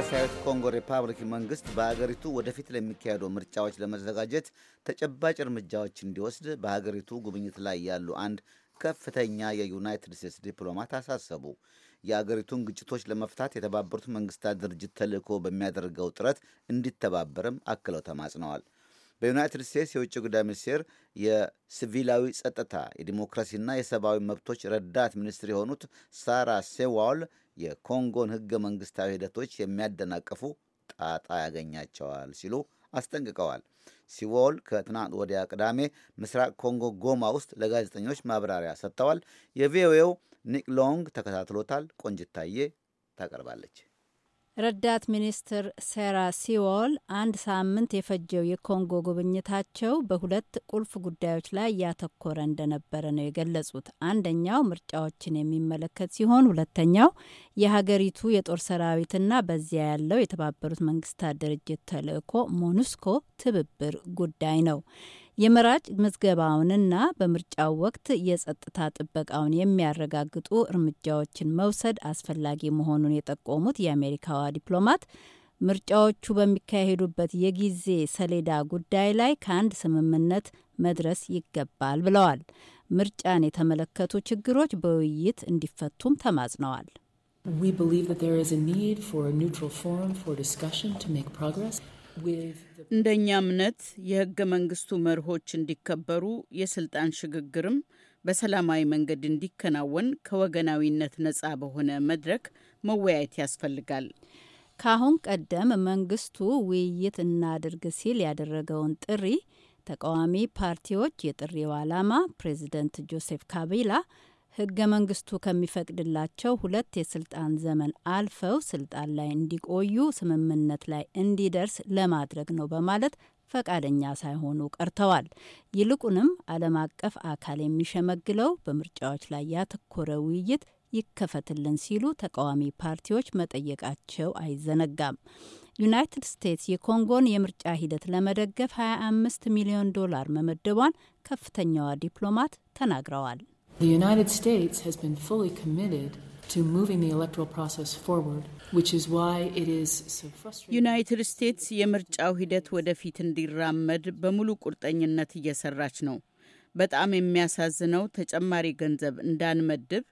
የዲሞክራሲያዊት ኮንጎ ሪፐብሊክ መንግስት በሀገሪቱ ወደፊት ለሚካሄዱ ምርጫዎች ለመዘጋጀት ተጨባጭ እርምጃዎች እንዲወስድ በሀገሪቱ ጉብኝት ላይ ያሉ አንድ ከፍተኛ የዩናይትድ ስቴትስ ዲፕሎማት አሳሰቡ። የአገሪቱን ግጭቶች ለመፍታት የተባበሩት መንግስታት ድርጅት ተልዕኮ በሚያደርገው ጥረት እንዲተባበርም አክለው ተማጽነዋል። በዩናይትድ ስቴትስ የውጭ ጉዳይ ሚኒስቴር የሲቪላዊ ጸጥታ የዲሞክራሲና የሰብአዊ መብቶች ረዳት ሚኒስትር የሆኑት ሳራ ሴዋል የኮንጎን ህገ መንግስታዊ ሂደቶች የሚያደናቅፉ ጣጣ ያገኛቸዋል ሲሉ አስጠንቅቀዋል። ሲወል ከትናንት ወዲያ ቅዳሜ ምስራቅ ኮንጎ ጎማ ውስጥ ለጋዜጠኞች ማብራሪያ ሰጥተዋል። የቪኦኤው ኒክ ሎንግ ተከታትሎታል። ቆንጅታዬ ታቀርባለች። ረዳት ሚኒስትር ሴራ ሲዎል አንድ ሳምንት የፈጀው የኮንጎ ጉብኝታቸው በሁለት ቁልፍ ጉዳዮች ላይ ያተኮረ እንደነበረ ነው የገለጹት። አንደኛው ምርጫዎችን የሚመለከት ሲሆን፣ ሁለተኛው የሀገሪቱ የጦር ሰራዊትና በዚያ ያለው የተባበሩት መንግስታት ድርጅት ተልዕኮ ሞኑስኮ ትብብር ጉዳይ ነው። የመራጭ ምዝገባውንና በምርጫው ወቅት የጸጥታ ጥበቃውን የሚያረጋግጡ እርምጃዎችን መውሰድ አስፈላጊ መሆኑን የጠቆሙት የአሜሪካዋ ዲፕሎማት ምርጫዎቹ በሚካሄዱበት የጊዜ ሰሌዳ ጉዳይ ላይ ከአንድ ስምምነት መድረስ ይገባል ብለዋል። ምርጫን የተመለከቱ ችግሮች በውይይት እንዲፈቱም ተማጽነዋል። እንደኛ እምነት የህገ መንግስቱ መርሆች እንዲከበሩ የስልጣን ሽግግርም በሰላማዊ መንገድ እንዲከናወን ከወገናዊነት ነጻ በሆነ መድረክ መወያየት ያስፈልጋል። ከአሁን ቀደም መንግስቱ ውይይት እናድርግ ሲል ያደረገውን ጥሪ ተቃዋሚ ፓርቲዎች የጥሪው ዓላማ ፕሬዚደንት ጆሴፍ ካቢላ ህገ መንግስቱ ከሚፈቅድላቸው ሁለት የስልጣን ዘመን አልፈው ስልጣን ላይ እንዲቆዩ ስምምነት ላይ እንዲደርስ ለማድረግ ነው በማለት ፈቃደኛ ሳይሆኑ ቀርተዋል። ይልቁንም ዓለም አቀፍ አካል የሚሸመግለው በምርጫዎች ላይ ያተኮረ ውይይት ይከፈትልን ሲሉ ተቃዋሚ ፓርቲዎች መጠየቃቸው አይዘነጋም። ዩናይትድ ስቴትስ የኮንጎን የምርጫ ሂደት ለመደገፍ 25 ሚሊዮን ዶላር መመደቧን ከፍተኛዋ ዲፕሎማት ተናግረዋል። The United States has been fully committed to moving the electoral process forward. ዩናይትድ ስቴትስ የምርጫው ሂደት ወደፊት እንዲራመድ በሙሉ ቁርጠኝነት እየሰራች ነው። በጣም የሚያሳዝነው ተጨማሪ ገንዘብ እንዳንመድብ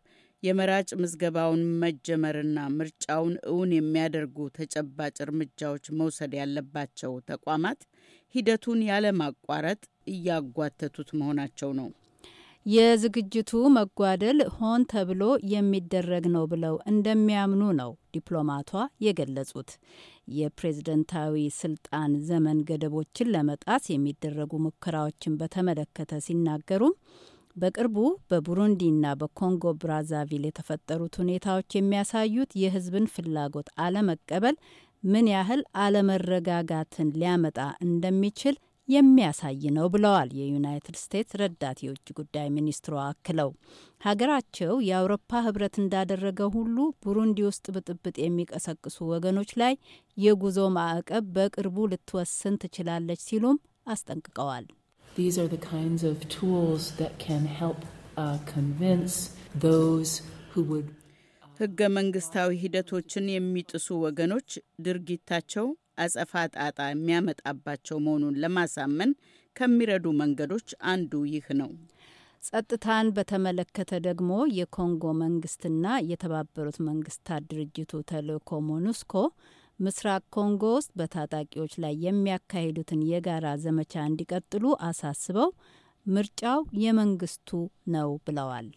የመራጭ ምዝገባውን መጀመርና ምርጫውን እውን የሚያደርጉ ተጨባጭ እርምጃዎች መውሰድ ያለባቸው ተቋማት ሂደቱን ያለማቋረጥ እያጓተቱት መሆናቸው ነው። የዝግጅቱ መጓደል ሆን ተብሎ የሚደረግ ነው ብለው እንደሚያምኑ ነው ዲፕሎማቷ የገለጹት። የፕሬዝደንታዊ ስልጣን ዘመን ገደቦችን ለመጣስ የሚደረጉ ሙከራዎችን በተመለከተ ሲናገሩም በቅርቡ በቡሩንዲና በኮንጎ ብራዛቪል የተፈጠሩት ሁኔታዎች የሚያሳዩት የሕዝብን ፍላጎት አለመቀበል ምን ያህል አለመረጋጋትን ሊያመጣ እንደሚችል የሚያሳይ ነው ብለዋል የዩናይትድ ስቴትስ ረዳት የውጭ ጉዳይ ሚኒስትሯ አክለው። ሀገራቸው የአውሮፓ ህብረት እንዳደረገ ሁሉ ቡሩንዲ ውስጥ ብጥብጥ የሚቀሰቅሱ ወገኖች ላይ የጉዞ ማዕቀብ በቅርቡ ልትወስን ትችላለች ሲሉም አስጠንቅቀዋል። ህገ መንግስታዊ ሂደቶችን የሚጥሱ ወገኖች ድርጊታቸው አጸፋ ጣጣ የሚያመጣባቸው መሆኑን ለማሳመን ከሚረዱ መንገዶች አንዱ ይህ ነው። ጸጥታን በተመለከተ ደግሞ የኮንጎ መንግስትና የተባበሩት መንግስታት ድርጅቱ ተልእኮ ሞኑስኮ ምስራቅ ኮንጎ ውስጥ በታጣቂዎች ላይ የሚያካሂዱትን የጋራ ዘመቻ እንዲቀጥሉ አሳስበው ምርጫው የመንግስቱ ነው ብለዋል።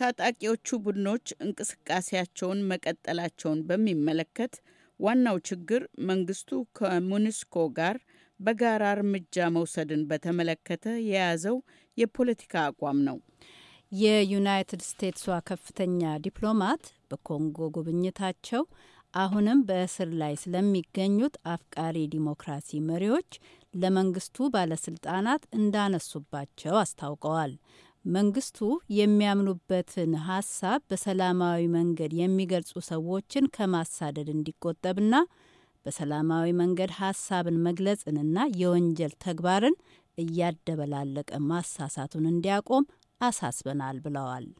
ታጣቂዎቹ ቡድኖች እንቅስቃሴያቸውን መቀጠላቸውን በሚመለከት ዋናው ችግር መንግስቱ ከሙኒስኮ ጋር በጋራ እርምጃ መውሰድን በተመለከተ የያዘው የፖለቲካ አቋም ነው። የዩናይትድ ስቴትሷ ከፍተኛ ዲፕሎማት በኮንጎ ጉብኝታቸው አሁንም በእስር ላይ ስለሚገኙት አፍቃሪ ዲሞክራሲ መሪዎች ለመንግስቱ ባለስልጣናት እንዳነሱባቸው አስታውቀዋል። መንግስቱ የሚያምኑበትን ሀሳብ በሰላማዊ መንገድ የሚገልጹ ሰዎችን ከማሳደድ እንዲቆጠብና በሰላማዊ መንገድ ሀሳብን መግለጽንና የወንጀል ተግባርን እያደበላለቀ ማሳሳቱን እንዲያቆም አሳስበናል ብለዋል።